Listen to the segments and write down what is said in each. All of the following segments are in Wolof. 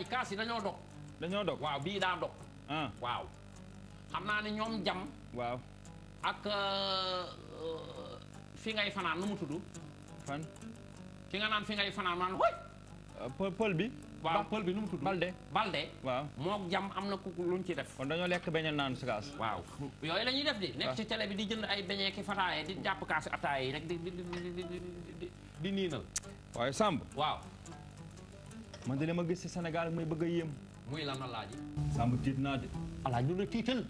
yi kaas yi dañoo dog dañoo dog waaw bii daa dog ah. waaw xam naa ne ñoom jam waaw ak euh, euh, fi ngay fanaan nu mu tudd fan ki nga naan fi ngay fanaan maan woy euh, pël bi waaw pël bi nu mu tudd balde balde moo mook jam am na ku luñ ci def kon dañoo lekk beñe naan si kaas yooyu la ñuy def di nekk ah. ci télé bi di jënd ay beñee ki fataaye di jàpp kaasi ataaye yi rek di di di di di niinal waaye Samb waaw man de li ma gis si Sénégal may bëgg a yéem. muy lan alaaji. Samb tiit naa de. alaaji lu la tiital.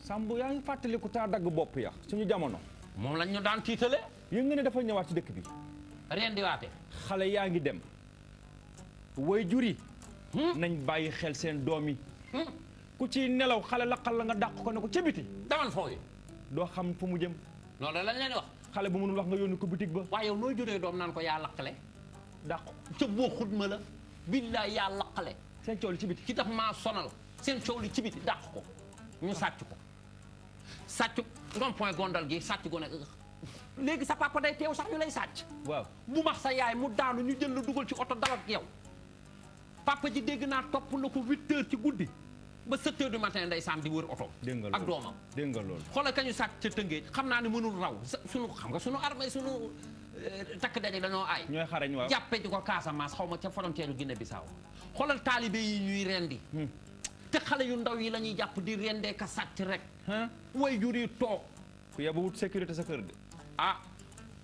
Samb yaa ngi fàttaliku taa dagg bopp ya suñu jamono. moom lañ ñu daan tiitale. yéen nga ne dafa ñëwaat ci dëkk bi. reen di waate. xale yaa ngi dem. way juri hmm? nañ bàyyi xel seen doom yi. Hmm? ku ci nelaw xale laqal la nga dàq ko ne ko ca biti. daman fooyi. doo xam fu mu jëm. loolu lañ leen wax. xale bu mënul wax nga yónni ko bitig ba. waaye yow loo juree doom naan ko yaa laqale. dàq ca la. billaay yaa laqale seen coow li ci biti ki daf maa sonal seen coow li ci biti dàq ko ñu sàcc ko sàcc rond point gondal gi sàcc ko nag léegi sa papa day teew sax ñu lay sàcc waaw bu max sa yaay mu daanu ñu jël la dugal ci oto dalak yow papa ji dégg naa topp na ko huit heures ci guddi ba sept heures du matin ndey saam di wër oto ak doomam dégg nga loolu xoolal kañu sàcc ca tëngéej xam naa ne mënul raw suñu xam nga suñu armée suñu Euh, takk deri dañoo aay. ñooy xarañ waaw jàppe ji ko Casamance xaw ma ca frontière Guinée Bissau xoolal taalibe yi ñuy rendi hmm. te xale yu ndaw yi la ñuy jàpp di rendee ka sàcc rek. way jur yi toog. ku yebbu wut sécurité sa kër de. ah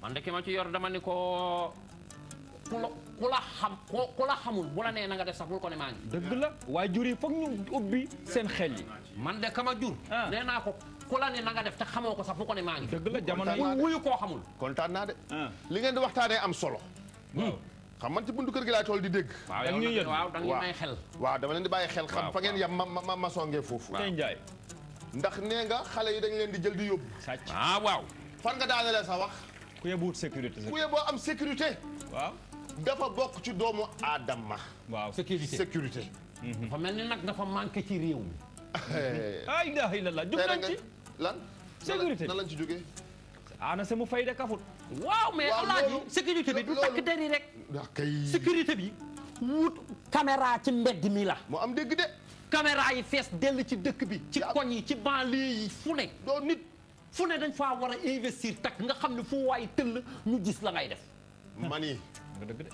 man de ki ma ci yor dama ni ko. ku la la xam ku la xamul bu la nee na nga def sax ko ne maa dëgg la waaye jur yi foog ñu ubbi seen xel yi. man de kama jur. Ah. nee naa ko ku la na nga def te xamoo ko sax bu ko ne maa ngi. dëgg la jamono yi wuyu kontaan naa de. Ah. li ngeen di waxtaanee am solo. Hmm. xam man ci buntu kër gi laay tool di dégg. waaw da ñuy yëg waaw da ñuy may xel. waaw dama leen di bàyyi xel xam fa ngeen yam ma ma ma songee foofu. tey Ndiaye. ndax nee nga xale yi dañ leen di jël di yóbbu. sàcc ah waaau fan nga daanelee sa wax. ku yebbu wut sécurité. ku yebbu am sécurité. waaw. dafa bokk ci doomu aadama. waaw sécurité sécurité. Mhm. dafa mel ni nag dafa manqué ci réew mi. ay ilaha illallah jub nañ ci. lan. sécurité nan lañ ci jógee. ana sama fay de kafut. waaw mais alaaji sécurité bi du takk deri rek. Ah, sécurité bi wut caméra ci mbedd mi la. moo am dégg de. caméra yi fees dell ci dëkk bi. ci koñ yi ci banlieue yi fu ne. doo nit fu ne dañ faa war a investir takk nga xam ne fu waay tëll ñu gis la ngay def.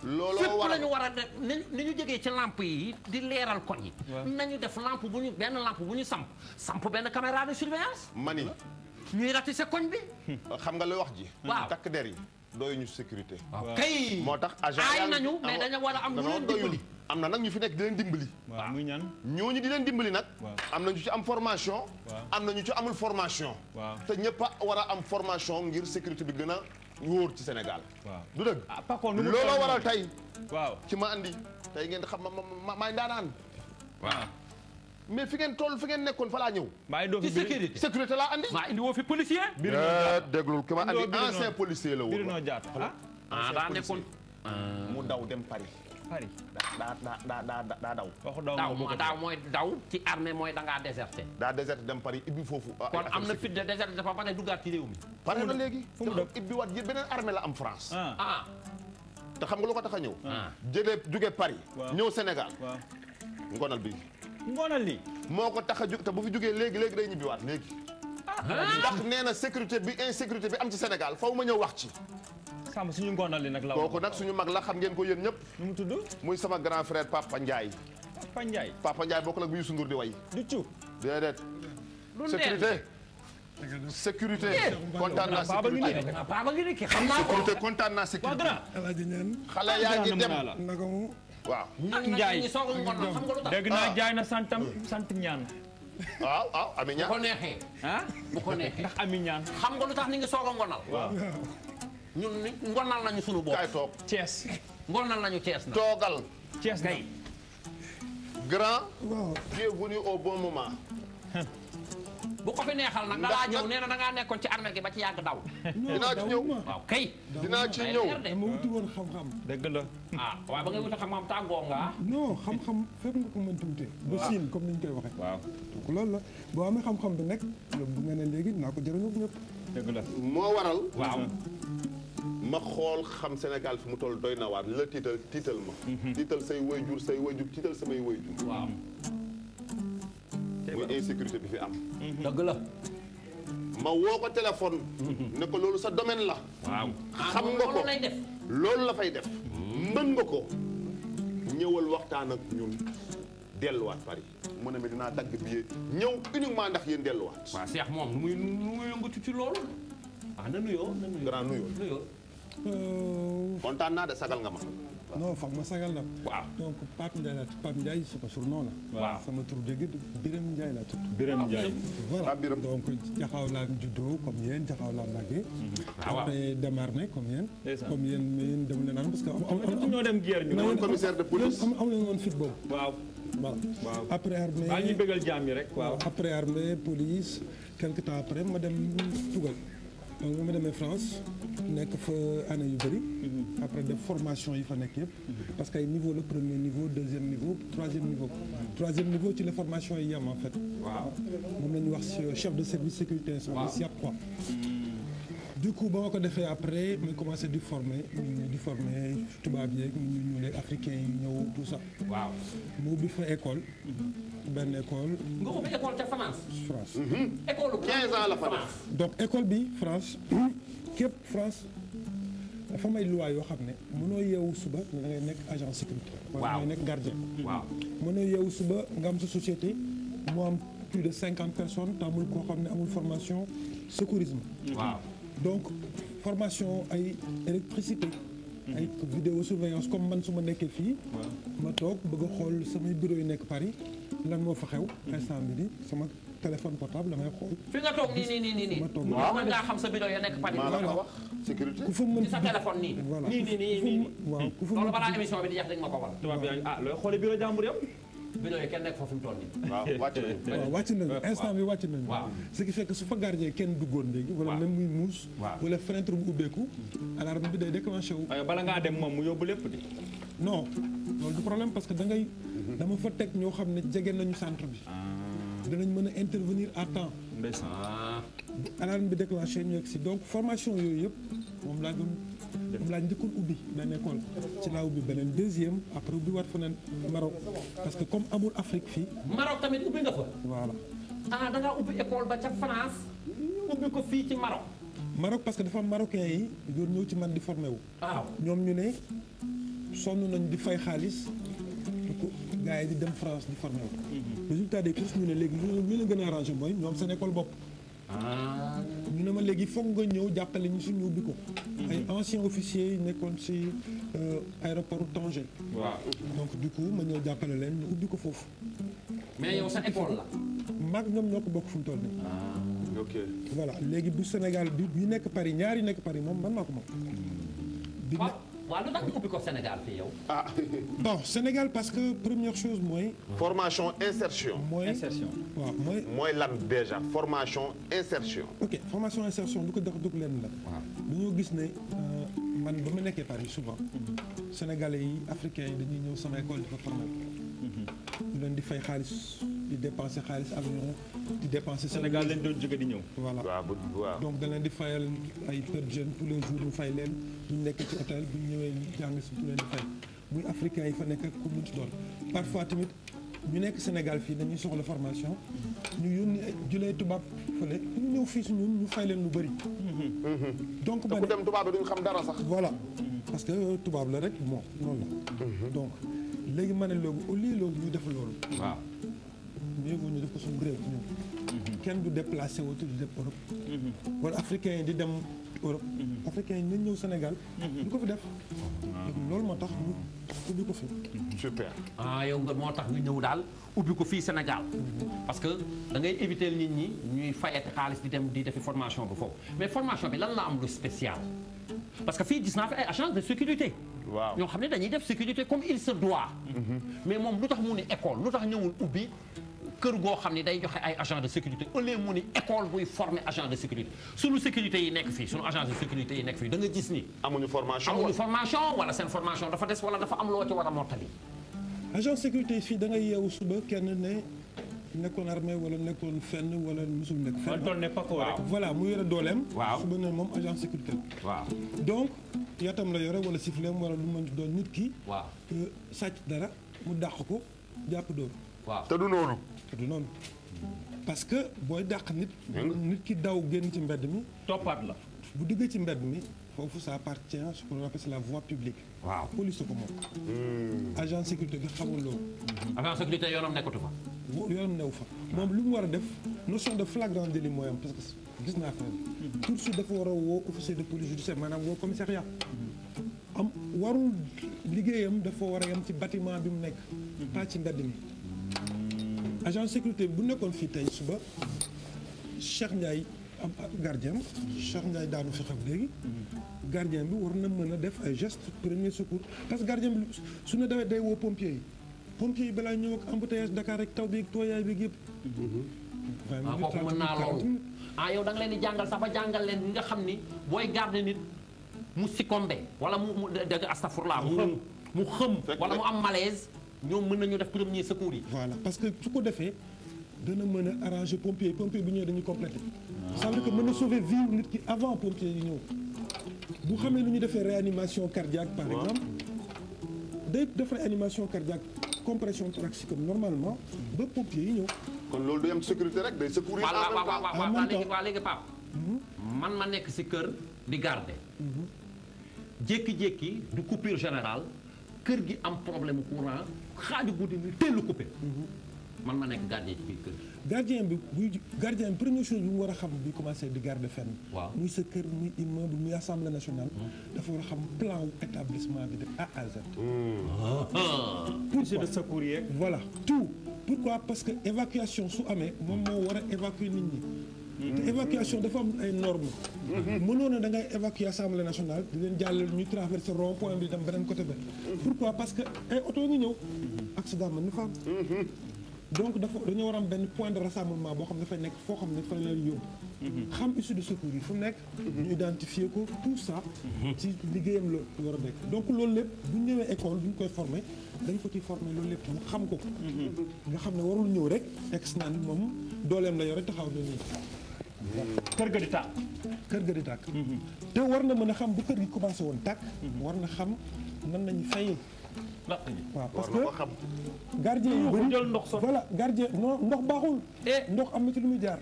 looloo waral fépp la ñu war a def ni ñu jógee ci làmp yi di leeral koñ yi. nañu def lamp bu ñu benn làmp bu ñu samp samp benn caméra de surveillance. mani ñuy se koñ bi. xam nga lu wax ji. waaw takk der yi doy ñu sécurité. kay moo tax agent ay nañu mais dañu am lu leen am na nag ñu fi nekk di leen dimbali. waaw muy ñan di leen dimbali nag. am na ñu ci am am na ñu ci amul formation. te ñëpp a war am formation ngir sécurité bi gën a. wóor ci Sénégal. waaw du dëgg. ah par contre looloo waral tey. waaw ci ma andi. tey ngeen xam ma ma maay ndaanaan. waaw. mais fi ngeen toll fi ngeen nekkoon fa laa ñëw. maa indi woo fi sécurité sécurité laa andi. maa indi woo fi policier. Eh, biir déglul ki ma andi ancien policier la woon. biir noo jaata ah daa nekkoon. Ah. mu daw dem Paris. daa daa daa daa daw. daw daaw mooy daw ci armée mooy da ngaa déserté. daa déserté dem Paris ibbi foofu. kon am na fit de déserté dafa pare duggaat ci réew mi. pare na léegi fu mu ibbi waat beneen armée la am France. ah. xam nga lu ko tax a ñëw. jëlee jugee Paris. ñëw Sénégal. ngonal bi. ngonal li moo ko tax a jug te bu fi jugee léegi léegi day ñibbiwaat léegi. Ah. ndax nee na sécurité bi insécurité bi am ci Sénégal faw ma ñëw wax ci. Samba suñu ngoonal li nag la suñu mag la xam ngeen ko yéen ñëpp nu mu tudd muy sama grand frère Papa Ndiaye Papa Ndiaye Papa Ndiaye bokk nag bu Youssou Ndour di way du ci déedéet sécurité ah, ah, sécurité kontaan naa sécurité baaba ngi nekk naa sécurité xale yaa jaay na santam sant ñaan waaw ah? ndax ami ñaan xam tax ni ngi a ngonal ñun ngonal nañu sunu bopp. kaay toog Thiès. ngonal nañu cees na toogal. Thiès kay. grand. waaw tu es venu au bu ko fi neexal nag dalaa ñëw nee na da ngaa nekkoon ci armée gi ba ci yàgg daw. dinaa ci ñëw waaw kay. dinaa ci ñëw dama wuti woon xam-xam. dëgg la. ah waaw ba ngay xam-xam tàggoo nga. ko mën tuutee. Ah. ba siin comme ni ñu koy waxee. waaw donc loolu la bu nga ne léegi naa ko jëriñoo ñëpp. dëgg la moo waral. waaw. ma xool xam senegal fi mu toll doy na waar la tiital tiital ma. Mhm. tiital say wayjur say wayjur tiital samay wayjur. waaw. muy insécurité bi fi am. Mhm. dëgg la. ma woo ko téléphone. Mhm. ne ko loolu sa domaine la. xam nga ah, ko loolu la fay def. mën nga ko ñëwal waxtaan ak ñun delluwaat Paris mu ne ma dinaa dagg billet ñëw maa ndax yéen delluwaat. waaw Cheikh moom nu muy nu muy ci loolu. na nuyoo na nuyoo grand nuyoo. Hmm. kontaan naa de sagal nga ma. non foog ma sagal la. waaw donc Pape Ndiaye la Pape Ndiaye sama surnom la. waaw sama tur dëgg Birame Ndiaye la tur. Birame Ndiaye ah, voilà donc jaxaw laa juddoo comme yéen jaxaw laa mm-hmm. ah, après démarre comme yéen. comme yéen na naan parce que. am ñoo dem guerre ñu. am commissaire de am am nañu woon fit boobu. waaw waaw. après armée rek waaw. après armée police quelque temps après ma dem tugal. donc bu ma demee France nekk fa année yu bëri. Mhm. après de formation yi fa nekk yëpp. Mhm. parce que ay niveau le premier niveau deuxième niveau troisième niveau. troisième niveau ci la formation yi yam en fait. waaw moom la ñu wax euh, chef de service sécurité. waaw SIAP 3. Hmm. du coup ba ma ko defee après mu commencé di former di former tubaab yeeg ñu ñuulee africain yi ñëw tout ça. waaw mu ubbi fa école. Mhm. benn école. nga ubbi mm-hmm. la fa donc école bi France képp France dafa may loi yoo xam ne mënoo yeewu suba da ngay nekk agent sécurité. waaw wala ngay nekk gardien. mënoo yeewu suba nga am sa société mu am plus de cinquante personnes te amul koo xam ne amul formation secourisme. waaw donc formation ay électricité. ay vidéo surveillance comme man su ma nekkee fii. ma toog bëgg xool samay bureau yi nekk Paris. lan moo fa xew. instant bi di sama téléphone portable damay xool. fi nga toog nii nii nii nii. ma toog waaw mën ngaa xam sa bidon ya nekk Paris. maa la wax sécurité ku fa mën ci sa téléphone nii. voilà nii nii nii nii. waaw ku fa mën loolu balaa émission bi di jeex dañ ma ko war. tubaab bi ah looy xooli bidon jàmbur yow. bidon yi kenn nekk foofu mu toll nii. waaw wàcc nañu. waaw wàcc nañu instant bi wàcc nañu. waaw ce qui fait que su fa gardien kenn duggoon léegi. waaw wala même muy muus. wala fenêtre bu ubbeeku. alarme bi day déclenché wu. bala ngaa dem moom mu yóbbu lépp de non loolu problème parce que dangay ngay. Mhm. dama fa teg ñoo xam ne jege nañu centre bi. Ah. danañ mën a intervenir à temps. ndeysaan. Ah. alarme bi déclenché ñu yegg si donc formation yooyu yëpp moom laa doon moom laa njëkkoon ubbi na école ci laa ubbi beneen deuxième après ubbi waat feneen Maroc parce que comme amul Afrique fii. Maroc tamit ubbi nga fa. voilà. Ah, da ngaa ubbi école ba ca France ubbi ko fii ci Maroc. Maroc parce que dafa am yi doon ñëw ci man di formé wu. waaw ñoom ñu ne. sonn nañ di fay xaalis di ko gars yi di dem France di formé wu. Mhm. résultat des courses ñu ne léegi ñu la gën a arrangé mooy ñoom seen école bopp. Ah. ñu ne ma léegi foog nga ñëw jàppale ñu suñu ubbi ko. Mhm. ay anciens officiers yi nekkoon ci euh, aéroport Tanger. waaw donc du coup ma ñëw jàppale leen ñu ubbi ko foofu. mais yow sa école la. maag ñoom ñoo ko bokk fu mu toll nii. Ah, ok voilà léegi bu Sénégal bi bi nekk Paris ñaari nekk Paris moom man maa ko moom. Hmm. waaw lu tax nga Sénégal fii yow. ah bon Sénégal parce que première chose mooy. formation insertion. mooy insertion waaw mooy. mooy lan déjà formation insertion. ok formation insertion lu ko dox dugg leen la. waaw dañoo gis ne euh, man ba ma nekkee Paris souvent mhm. sénégalais yi africains yi dañuy ñëw sama école di fa Mhm. ñu leen di fay xaalis di dépenser xaalis avion di dépenser. Sénégal lañ doon jóge di ñëw. voilà donc da leen di fayal ay per jeune tous les jours ñu fay leen ñu nekk ci hôtel bu ñëwee jàng si ñu leen di fay muy africain yi fa nekk ku mu ci doon parfois tamit ñu nekk Sénégal fii dañuy soxla formation ñu yónni julee tubaab fële ñu ñëw fii su ñun ñu fay leen lu bëri. Mhm. donc ba dem tubaab bi duñ xam dara sax. voilà parce que tubaab la rek bon la mhm. léegi ma ne loolu au lieu loolu ñu def loolu. waaw néegu ñu def ko suñu mhm. kenn du déplacé wu di dem Europe. Mhm. wala africain yi di dem Europe. Mhm. africain yi nañ ñëw Sénégal. ñu ko fi def. Ah. loolu moo tax ñu ubbi ko fi. super. Ah, yow nga moo tax ñu ñëw daal ubbi ko fii Sénégal. parce que da ngay éviter nit ñi ñuy fayati xaalis di dem di defi formation bi foofu mais formation bi lan la am lu spécial. parce que fi gis naa fi ay agence de sécurité. waaw ñoo xam ne dañuy def sécurité comme il se doit. Mm-hmm. mais moom lu tax mu ne école lu tax ñëwul ubbi kër goo xam ne day joxe ay agent de sécurité au lieu mu ne école buy former agent de sécurité sunu sécurité yi nekk fii sunu agent de sécurité yi nekk fii da nga gis ni. amuñu formation amuñu formation wala seen formation dafa des wala dafa am loo ci war a mottali. agent sécurité fii da ngay yeewu suba kenn ne. nekkoon armée wala nekkoon fenn wala musul nekk fenn. wala voilà mu yore dooleem. waaw suba ne moom agent sécurité waaw donc yatam la yore wala sifleem wala lu ma doon nit ki. waaw sàcc dara mu dàq ko jàpp dóor. waaw noonu. te noonu parce que booy dàq nit. nit ki daw génn ci mbedd mi. toppaat la. bu duggee ci mbedd mi. foofu ça appartient ce qu'on appelle c'est la voie publique. waaw police ko moom. Hmm. agent sécurité bi xamul loolu. agent sécurité yoonam nekkatu fa. yoonam new fa moom lu mu war a def notion de flagrant délit mooy am parce que gis naa fenn. Hmm. tout de suite dafa war a woo officier de police judiciaire maanaam woo commissariat. Hmm. am warul liggéeyam dafa war a yam ci batiment bi mu nekk. pas ci mbedd mi. agent sécurité bu nekkoon fii tey suba Cheikh Ndiaye. am ab gardien Cheikh Ndiaye daanu fi xam léegi gardien bi war na mën a def ay gest premier secours parce que gardien bi su ne dawee day woo pompier yi pompier yi balaa ñëw ak embouteillage Dakar rek taw bi ak tooyaay bi yëpp. waaw ah, kooku mën naa loolu ah yow da nga leen di jàngal sax jàngal leen ñi nga xam ni booy garder nit mu sikombe wala mu mu dëgg astafurlaa mu mu xëm wala mu am malaise ñoom mën nañu def premier secours yi. voilà parce que su ko defee. dana mën a arranger pompier pompier bu ñëwee dañuy complété. ça veut que mën na sauver vie nit ki avant pompier yi ñëw. bu xamee lu ñu defee réanimation cardiaque par exemple. day def réanimation cardiaque compression thoracique comme normalement ba pompier yi ñëw. kon loolu du am sécurité rek day secourir. en même temps waaw léegi Pape mhm. man ma nekk si kër di garde mhm. jékki-jékki du coupure générale kër gi am problème courant xaaju guddi mi teel coupé. Mhm. man ma nekk gardien ci biir kër gardien bi buy gardien bi mu war a xam bi commencé di garder fenn waaw muy sa kër muy immeuble muy assemblée nationale hmm. dafa war a xam plan wu établissement bi de A à Z hmm. pour de secours yeeg voilà tout pourquoi parce que évacuation su amee moom moo war a évacuer nit ñi hmm. te évacuation dafa am ay normes. mënoon na da ngay évacuer assemblée nationale di leen jàllale ñu traverser rond point bi dem beneen côté ba. pourquoi parce que ay oto ngi ñëw. accident mën na fa donc dafa dañoo war am benn point de rassemblement boo xam ne dafay nekk foo xam ne fa leen yóbbu. Mhm. xam issue de secours yi fu mu nekk. Mhm. ñu identifier ko tout ça. Mhm. ci liggéeyam lo donc loolu lépp bu ñu ñëwee école bu ñu koy formé dañ ko ci formé loolu lépp mu xam ko. nga xam ne warul ñëw rek ex naan moom dooleem la yore taxaw na nii. kër ga di tàkk. kër ga di tàkk. te war na mën a xam bu kër gi commencé woon tàkk. war na xam nan nañu fay. waaw parce que gardien yu bëri voilà gardien non ndox baaxul eh. ndox am na ci lu muy jaar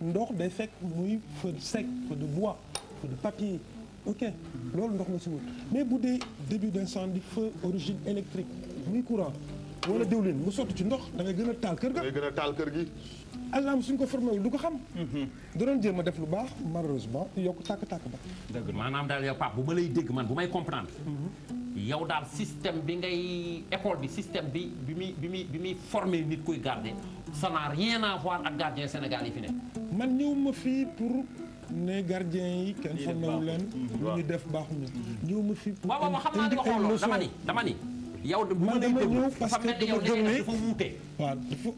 ndox day fekk muy feu sec feu de bois feu de papier loolu ndox la si wut mais bu dee début d'incendie feu origine électrique muy courant wala diwlin mu sotti ci ndox da ngay gën a taal kër ga da ngay kër gi alam suñ ko formé wul du ko xam mhm. da doon jéem a def lu baax malheureusement yokk tàkk-tàkk ba maanaam daal yow Pape bu ma lay dégg man bu may comprendre mhm. yow daal système bi ngay école bi système bi bi muy bi muy bi muy formé nit kuy garder ça n'a rien à voir ak gardien Sénégal yi fi ne man ñëw ma fi pour ne gardien yi kenn formewu leen lu ñu def baaxuñu ñëw ma fii pour waaw waaw xam naa di ma lay déglu parce que yow léegi dafa wuute waaw dafa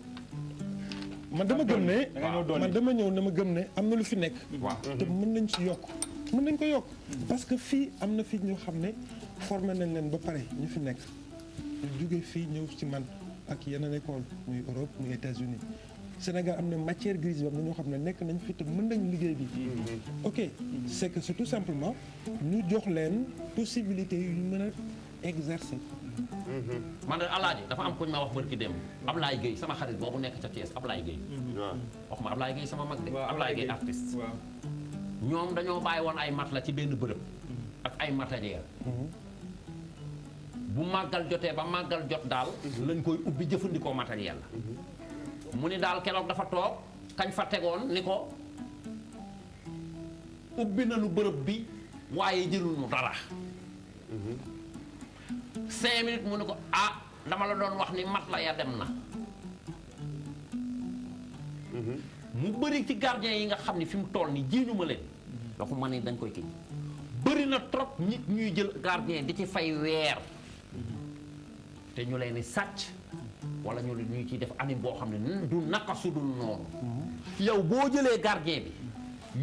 man dama gëm ne man dama ñëw dama gëm ne am na lu fi nekk te mën nañ si yokk mën nañ ko yokk mm-hmm. parce que fii am na fi ñoo xam ne formé nañ leen ba pare ñu fi nekk ñu jóge fii ñëw ci man ak yeneen école muy Europe muy États-Unis Sénégal am na matière grise boobu ñoo xam ne nekk nañ fi te mën nañ liggéey bi. ok c'est que c'est tout simplement ñu jox leen possibilité yu ñu mën a exercer. man de alaaji dafa am kuñ ma wax barki dem Ablaye Gueye sama xarit boo boobu nekk ca Thiès Ablaye Gueye. waaw waxuma Ablaye Gueye sama mag de. waaw Ablaye Gueye artiste. ñoom dañoo bàyyi woon ay mat la ci benn bërëb. ak ay matériel mhm. bu màggal jotee ba màggal jot daal lañ koy ubbi jëfandikoo matériel la mu ni daal keroog dafa toog kañ fa tegoon ni ko ubbi lu bërëb bi waaye jëlul nu dara cinq minutes mu ne ko ah dama la doon wax ni mat la ya dem na mu bëri ci gardien yi nga xam ne fi mu toll ni jiiñu doo ko waxuma ne dañ koy kii bëri na trop nit ñuy jël gardien di ci fay weer te ñu leen di sàcc wala ñu ñu ciy def anim boo xam ne du naka su dul noonu. Mhm. yow boo jëlee gardien bi.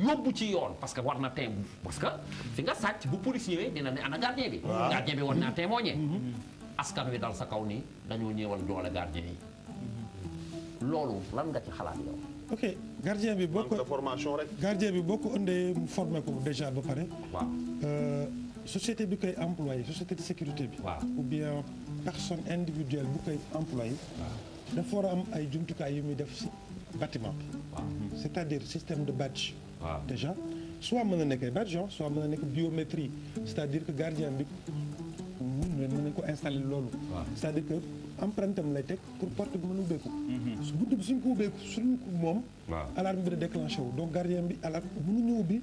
yóbbu ci yoon parce que war na tem parce que fi nga sàcc bu police ñëwee dina ne ana gardien bi. gardien bi war naa témoigner. Mhm. askan wi dal sa kaw ni dañoo ñëwal doole gardien yi. Mhm. loolu lan nga ci xalaat yow. ok gardien bi boo ko formation rek. gardien bi boo ko indee mu formé ko déjà ba pare. waaw euh, société bi koy employé société de sécurité bi. waaw personne individuelle bu koy employé dafa war a am ay jumtukaay yu muy def si bâtiment bi c'est-à-dire système de badge déjà soit mën na nekk ay badge soit mën na nekk biométrie c'est-à-dire que gardien bi mën nañ ko installer loolu c'est-à-dire que empreinte am lay teg pour porte bi mën a ubbeeku mhm. su bunt bi suñ ko ubbeeku suñ ko moom alarme bi da déclenché wu donc gardien bi alarme mënuñu ubbi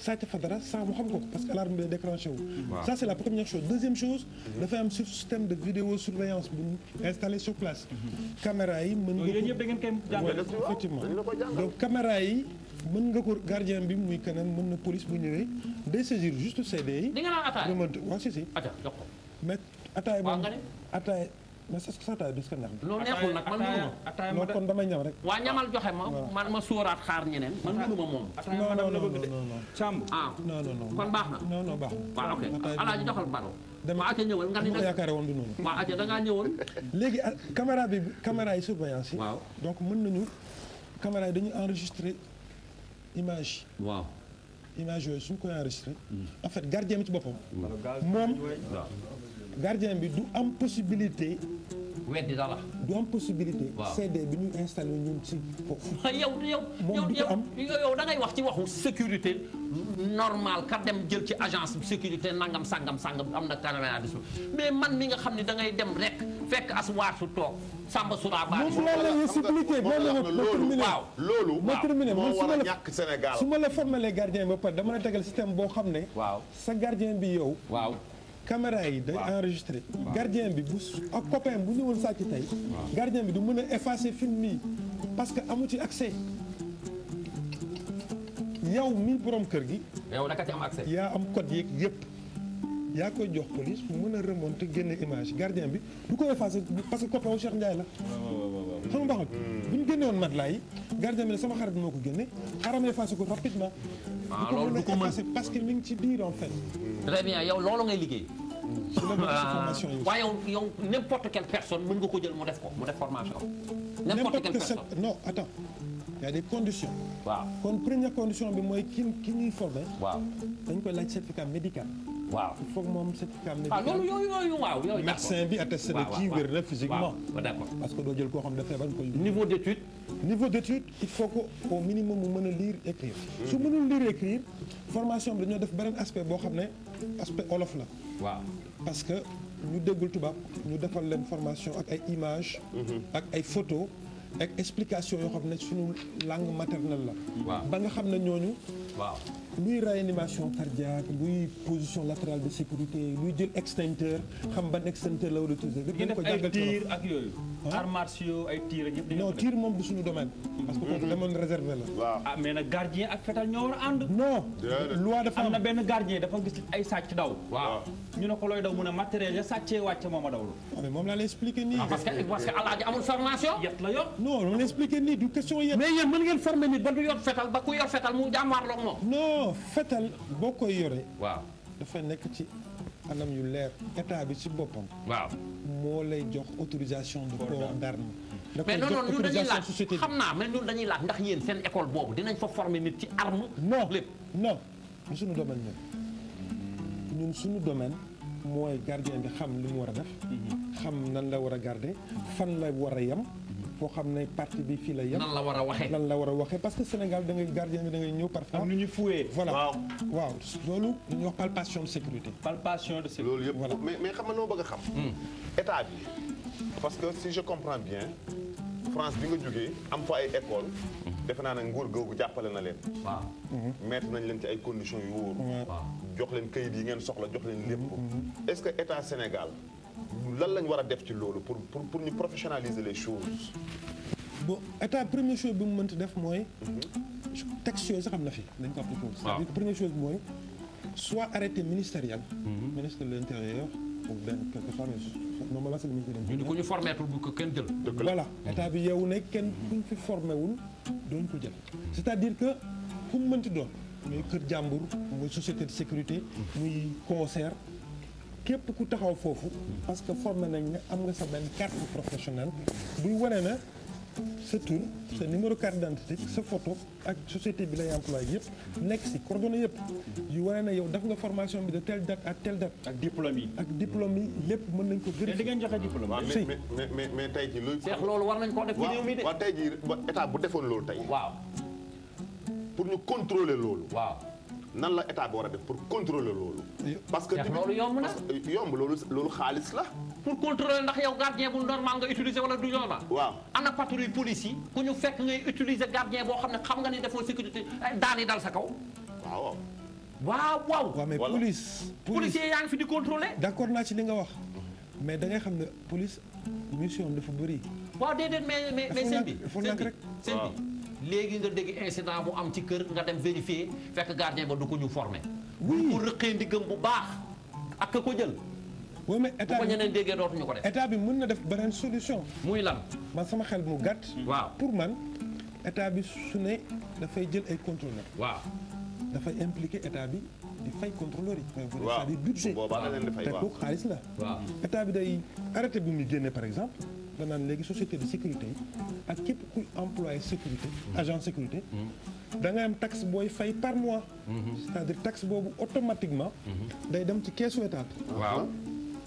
sàcc fa dara sans mu xam ko parce que alarme bi déclenché wu ça c'est la première chose deuxième chose dafa am système de vidéosurveillance bu installé sur place mhm. caméra yi mën nga ko effectivement donc caméra yi mën nga gardien bi muy kanam mën na police bu ñëwee day saisir juste CD yi remonte waaw si si mais ataay moom ataay mais sa sa taay bis ko neex. loolu neexul rek. waa ñamal joxe ma man xaar ñeneen. man mënu ma moom. Ah. non non non non Samb. ah kon baax na. non non baax na waaw ok alaaji joxal baro. dama waa aca ñëwal nga ni nag yaakaare woon du noonu. léegi ah, caméra bi caméra yi surveillance yi. donc mën nañu caméra yi dañu enregistré image. waaw. image yooyu suñ koy enregistré. Hmm. en fait gardien bi ci boppam. moom. gardien bi du am possibilité. weddi dala du am possibilité. waaw CD bi ñu installé ñun ci foofu. yow yow yow yow da ngay wax ci waxu sécurité normal ka dem jël ci agence bi sécurité nangam sangam sangam am na caméra bi mais man mi nga xam ne da ngay dem rek fekk as waatu toog. Samba Surabane moom la lay expliqué la loolu ma terminé moom su la Sénégal su ma la formalee gardien ba pare dama la tegal système boo xam ne. waaw sa gardien bi yow. waaw. caméra yi day enregistré gardien bi bu ak copain bu ñëwoon sàcc tey gardien bi du mën a effacer film bi parce que amu ci accès yow mi borom kër gi yow naka am accès yaa am code yeeg yëpp yaa koy jox police mu mën a remonter génne image gardien bi du ko effacer parce que copain wu Cheikh Ndiaye la xam nga baaxul hmm. bu ñu génne woon matelas yi gardien bi ne sama xarit moo ko génne xaaral ma effacer ko rapidement ah, loolu du ko mën parce que mi ngi ci biir en fait. Hmm. très bien yow loolu ngay liggéey. Euh, waaye yow yow n'importe quelle personne mën nga ko jël mu def ko mu def formation. n'importe quelle personne non attends waaw kon première condition bi mooy kii kii ñuy formé. waaw dañ koy laaj certificat médical. waaw il moom certificat ah, médical. ah loolu yooyu médecin bi attesté na kii wér na physiquement. d'accord parce que doo jël koo xam ne feebar koy. niveau d'étude. niveau d'étude il faut que au minimum mu mën a lire écrire. su mënul lire écrire formation bi dañoo def beneen aspect boo xam ne aspect olof la. waaw parce que ñu déggul tubaab ñu defal leen formation ak ay image mhm. ak ay photo ak explication yoo xam ne suñu langue maternelle la. ba nga xam ne ñooñu. luy réanimation cardiaque luy position latérale de sécurité luy jël extincteur xam ban extincteur la war a utiliser. ak yooyu. Ah? arts martiaux ay tir ak yëpp non moom du suñu domaine. parce que kooku mhm. réservé la. waaw ah, gardien ak fetal ñoo war a ànd. non loi dafa am benn gardien dafa gis ay sàcc daw. ñu ne ko looy daw mu ne matériel ya sàccee wàcce moom a dawlu. Ah, mais moom laa lay nii. parce que parce que amul formation. yet la yor non on expliqué nii du question non fetal boo koy yore. waaw dafa nekk ci anam yu leer état bi ci boppam. waaw moo lay jox autorisation de port d'arme. da koy jox autorisation société mais non dañuy laaj ndax yéen seen école boobu dinañ fa former nit ci arme. non lépp non mu suñu domaine ñun suñu domaine. mooy gardien bi xam li mu war a def. Mhm. xam nan la war a garde fan la war a yem. foo xam ne parti bi fii la yem. nan la war a waxee nan la war a waxee parce que Sénégal da ngay gardien bi da ngay ñëw parfois. am nu ñu fuwee. voilà waaw loolu ñu wax palpation de sécurité. palpation de sécurité loolu yëpp mais mais xam nga noo bëgg a xam. Hmm. état bi parce que si je comprends bien France bi nga jógee am fa ay école hmm. defe naa ne nguur googu jàppale na leen. waaw hmm. mettre nañ leen ci ay conditions yu wóor. jox leen kayit yi ngeen soxla jox leen lépp. est-ce que état Sénégal. lan lañ war a def ci loolu pour pour pour ñu professionnaliser les choses. bon état première chose bi mu mënti def mooy. Mhm. texte yooyu sax am na fi dañ ko appliqué. waaw première chose bi mooy soit arrêté ministériel. Mhm. ministre de l' intérieur ou bien ñu ko ñu formé bu ko kenn jël. voilà mhm. état bi yow ne kenn kuñ fi formé wul dooñ ko jël. c' est dire que ku mu mënti doon. muy kër jàmbur muy société de sécurité. muy concert. képp ku taxaw foofu parce que formé nañ ne am nga sa benn carte professionnelle buy wane na sa tun sa numéro carte d'identité sa photo ak société bi lay employé yëpp nekk si coordonnées yëpp yu wane na yow def nga formation bi da telle date à telle date. ak diplôme yi ak diplôme yi lépp mën nañ ko vérifier. mais ngeen joxe diplôme. si mais mais mais tey jii loolu. seex loolu war nañ ko def. bu ñëw mi de waaw waaw tey jii état bu defoon loolu tey. pour ñu contrôler loolu. waaw. nan la état bi war a def loolu. parce que loolu yomb na euh, yomb loolu xaalis la. pour contrôler ndax yow gardien bu normal nga utiliser wala du yoon la. waaw ana patrouille police ku ñu fekk ngay utiliser gardien boo xam ne xam nga ni defoo sécurité eh, daan yi dal sa kaw. waaw. waaw waaw. waaw mais police. policier yaa ngi fi di contrôler. d'accord naa ci li nga wax mais da ngay xam ne police mission dafa bëri. waaw déedéet mais mais mais seen bi seen bi seen bi. léegi nga dégg incident bu am ci kër nga dem vérifier fekk gardien ba du ko ñu formé. oui pour rëqee ndigam bu baax ak ka ko jël. oui mais état bi bu ko ñeneen déggee dootuñu ko def. état bi mën na def beneen solution. muy lan man sama xel mu gàtt. waaw pour man état bi su ne dafay jël ay contrôleur. waaw dafay impliqué état bi di fay contrôleur yi. waaw c'est-à-dire budget te ko xaalis la. waaw état bi day arrêté bi muy génne par exemple. da naan léegi société de sécurité yi ak képp kuy employé sécurité mm-hmm. agent sécurité mm-hmm. da nga am taxe booy fay par mois mm-hmm. c'est-à-dire taxe boobu automatiquement day dem ci keesu état waaw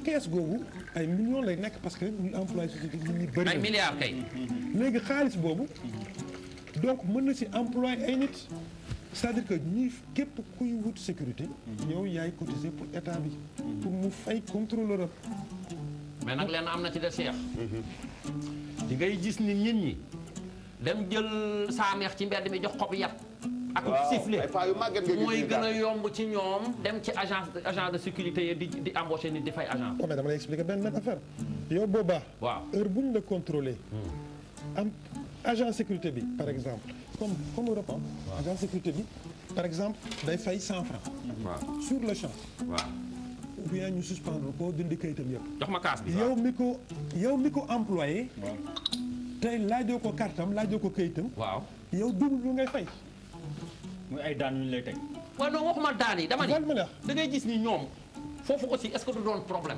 kees googu ay millions lay nekk parce que ñu employé société ñun ñu bëri ay milliards léegi xaalis boobu donc mën na si emploi ay nit c'est-à-dire que ñi képp kuy wut sécurité ñëw yaay cotiser pour état bi pour mu fay contrôleur mais nag lenn am na ci de seex mm-hmm. di ngay gis ni nit ñi dem jël saameex ci mbedd mi jox xob yat ak siffle mooy gën a yomb ci ñoom dem ci agent de sécurité yi di di embauché nit di fay agent oh, mais dama lay expliquer benn benn affaire yow boobaa waaw heure bu ñu la hmm. sécurité bi par exemple comme comme Europe agent sécurité bi par exemple day fay cent francs sur le champ ou bien ñu suspendre ko dindi kayitam yëpp. jox ma kaas bi yow mi ko yow mi ko employé. tey laajoo ko kartam laajoo ko kayitam. waaw yow double lu ngay fay. muy ay daan yu ñu lay teg. waaw non waxuma daan yi dama ni da ngay gis ni ñoom foofu ko si ce que du doon problème.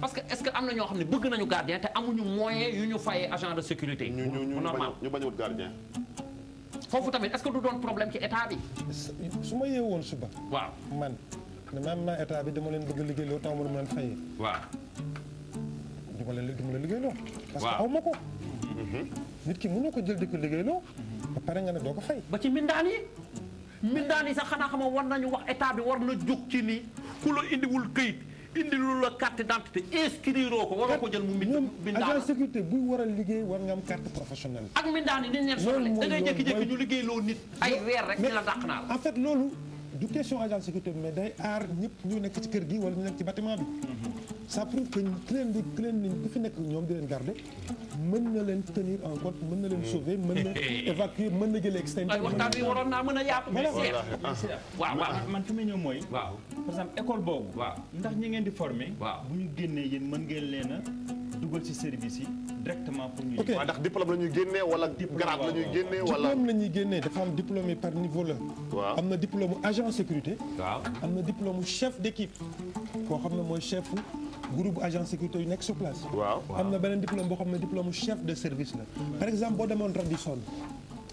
parce que est-ce que am na ñoo xam ne bëgg nañu gardien te amuñu moyen yu ñu fayee agent de sécurité. ñu ñu normal ñu bañ wut gardien. foofu tamit est que du doon problème ki état bi. su ma yeewoon suba. waaw man. même na état bi dama leen bëgg a liggéeyloo taw ma lu ma leen fayee. waaw. du ma leen ma la liggéeyloo. parce ma ko. Mhm. nit ki mënoo ko jël di ko liggéeyloo. ba pare nga ne doo ko fay. ba ci mindaan yi. mindaan yi sax xanaa xam war nañu wax état bi war na jóg ci ni ku la indiwul këyit indi lu la carte d'identité inscrire ko waroo ko jël mu. mindaan agent sécurité buy war a liggéey war nga am carte professionnelle. ak mindaan yi dañ leen ñu liggéeyloo nit. ay weer rek ñu la dàq naa la en loolu. du question agence sécurité bi mais day aar ñëpp ñu nekk ci kër gi wala ñu nekk ci bâtiment bi. ça prouve que ki leen di fi nekk ñoom di leen garder mën na leen tenir en compte mën na leen sauver mën na évacuer mën na jëlee extincteur. ay waxtaan bi waroon naa mën a yaatu. mais waaw man fi ma ñëw mooy. waaw par exemple école boobu. waaw ndax ñi ngeen di former. waaw bu ñu génnee yéen mën ngeen leen a. dugal ci service yi directement pour ñu. ok waaw ndax diplôme la ñuy génnee wala. grade la ñuy diplôme la ñuy dafa am diplôme par niveau la. am na diplôme agent sécurité. waaw am na diplôme chef d'équipe. koo xam ne mooy chef group agent sécurité yu nekk sur place. waaw am na beneen diplôme boo xam ne diplôme chef de service la. par exemple boo demoon Radisson.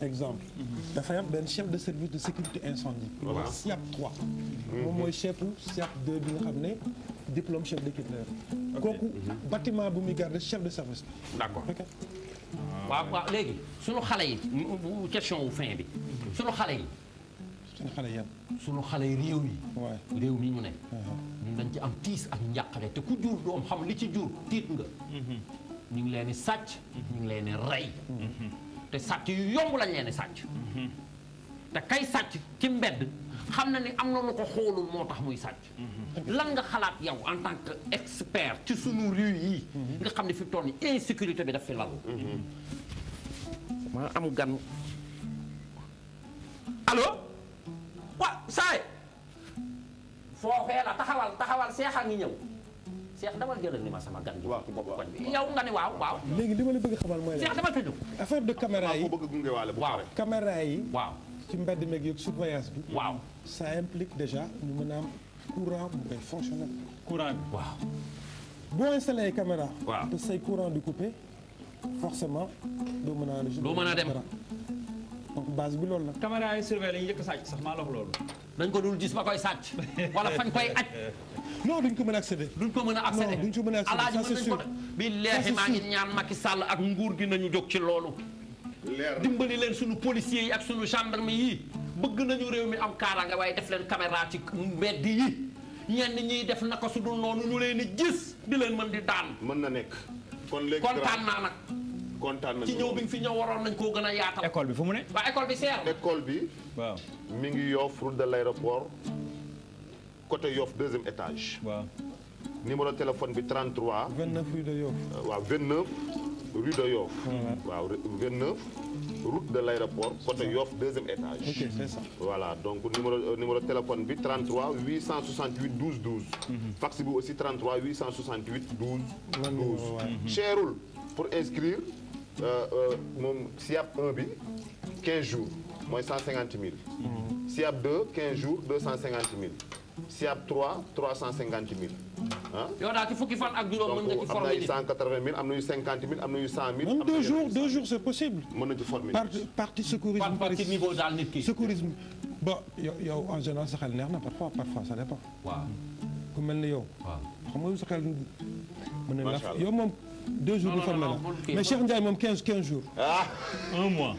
exemple mm-hmm. dafay am benn chef de service de sécurité incendie. waaw SIAP 3. Mm-hmm. moom bi nga xam ne. diplôme chef d'équipe la kooku mhm. bâtiment bu muy garder chef de service la. d'accord ah. waaw waaw léegi sunu xale yi question wu fin bi sunu xale yi. sunu xale xale yi réew yi. waay réew mi ñu ne. Uh-huh. ñun dañ ci am tiis ak njàqare te ku jur doom xam li ci jur tiit nga. Mhm. ñu ngi leen di sàcc. Mhm. ñu ngi leen di rey. te sàcc yu yomb lañ leen di te kay sàcc ci mbedd. xam na ni am na ko xoolul moo tax muy sàcc. lan nga xalaat yow en tant que expert ci sunu réew yi. nga xam ne fi mu toll nii insécurité bi daf fi lal. maa am gan. allo. wa saay. foofee la taxawal taxawal seex a ngi ñëw. seex dama jëlal ni ma sama gan. waaw bi nga ne waaw léegi li ma la bëgg xamal mooy. seex dama tëju. affaire de caméra yi waaw bëgg gunge waale bu caméra yi waaw. ci mbedd meeg yeeg surveillance bi. waaw ça implique déjà ñu mën a am courant bu koy fonctionner. courant bi waaw. boo installé ay caméra waaw te say courant di coupé forcément doo mën a. doo mën a dem donc base bi loolu la. caméra yi surveillé la ñuy njëkk a sàcc sax maa la wax loolu. dañ ko dul gis ba koy sàcc. wala fañ koy aj. non duñ ko mën a accéder. duñ ko mën a accéder non duñ ko mën a accéder. ça c'est sûr alaaji mën nañ ko billaahi maa ngi ñaan Macky Sall ak nguur gi nañu jóg ci loolu. dimbali leen suñu policiers yi ak sunu gendarme yi bëgg nañu réew mi am kaaraange waaye def leen caméra ci mbedd yi ñenn ñiy def na ko su dul noonu ñu leen di gis di leen mën di daan. mën na nekk kon léegi kontaan naa nag. kontaan nañu ci ñëw bi nga fi ñëw waroon nañ koo gën a yaatal. école bi fu mu ne. waa école bi seer. école bi. waaw mi ngi Yoff route de l'aéroport côté Yoff deuxième étage. waaw numéro téléphone bi 33. 29 rue de Yoff. Euh, waaw 29. rue de Yoff waaw vingt-neuf route de l'aéroport côté Yoff deuxième étage voilà donc numéro euh, numéro téléphone bi 33 868 12 12 fax bi aussi 33 868 12 12 cherul pour inscrire euh, euh, moom SIAP 1 bi 15 jours mooy 150 000 SIAP 2 15 jours 250 000 SIAB 3 350 000. ah yow daal ci fukki fan ak juróom mën nga ci former nit donc am na yu 180 000 am na yu 50 000 am na yu 100 000. am na deux jours deux jours c'est possible. mën na ci former par parti secourisme. par ci niveau daal nit ki secourisme. bon yow yow en général sa xel neex na parfois parfois ça dépend. waaw ku mel ni yow. waaw xam nga sa xel. mën na yow moom. deux jours de forme la mais Cheikh Ndiaye moom quinze quinze jours. ah un mois.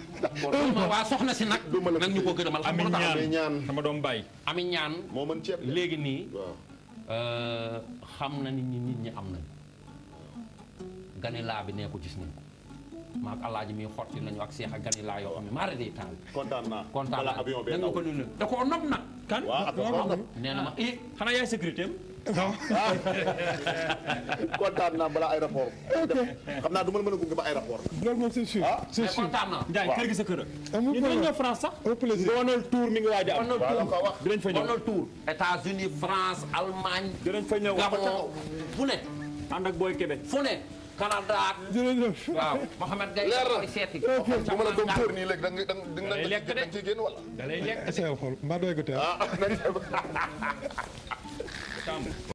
un mois soxna si nag. nag ñu ko gërëmal xam nga tax ñaan dama doom bàyyi. ami ñaan moo mën léegi nii. Euh, xam na ni nit ñi am nañ ganilaa bi nee ko gis nañ ko maak alaaji mi xotti nañu ak seex ak ganilaa yoo xam ne maa day taal. kontaan naa kontaan naa da na ma ah, eh xanaa yaay sécurité non kontaan naa balaa aéroport. ok xam naa du ma la mën a gunge ba aéroport. loolu moom c'est sûr. Ah. c'est sûr mais kontaan kër gi sa kër. amul problème ñu France sax. au plaisir bonol ngi waaj a am. dinañ fa ñëw bonol tour. États-Unis France Allemagne. dinañ fa ñëw Gabon fu ne. ak booy Québec fu ne. Canada ak. jërëjëf waaw Mouhamed Gueye. leer na seeti. bu ma la doon tuur nii léegi da nga da nga ciy génn wala. da lay lekk de. est-ce que xool mbaa doy come.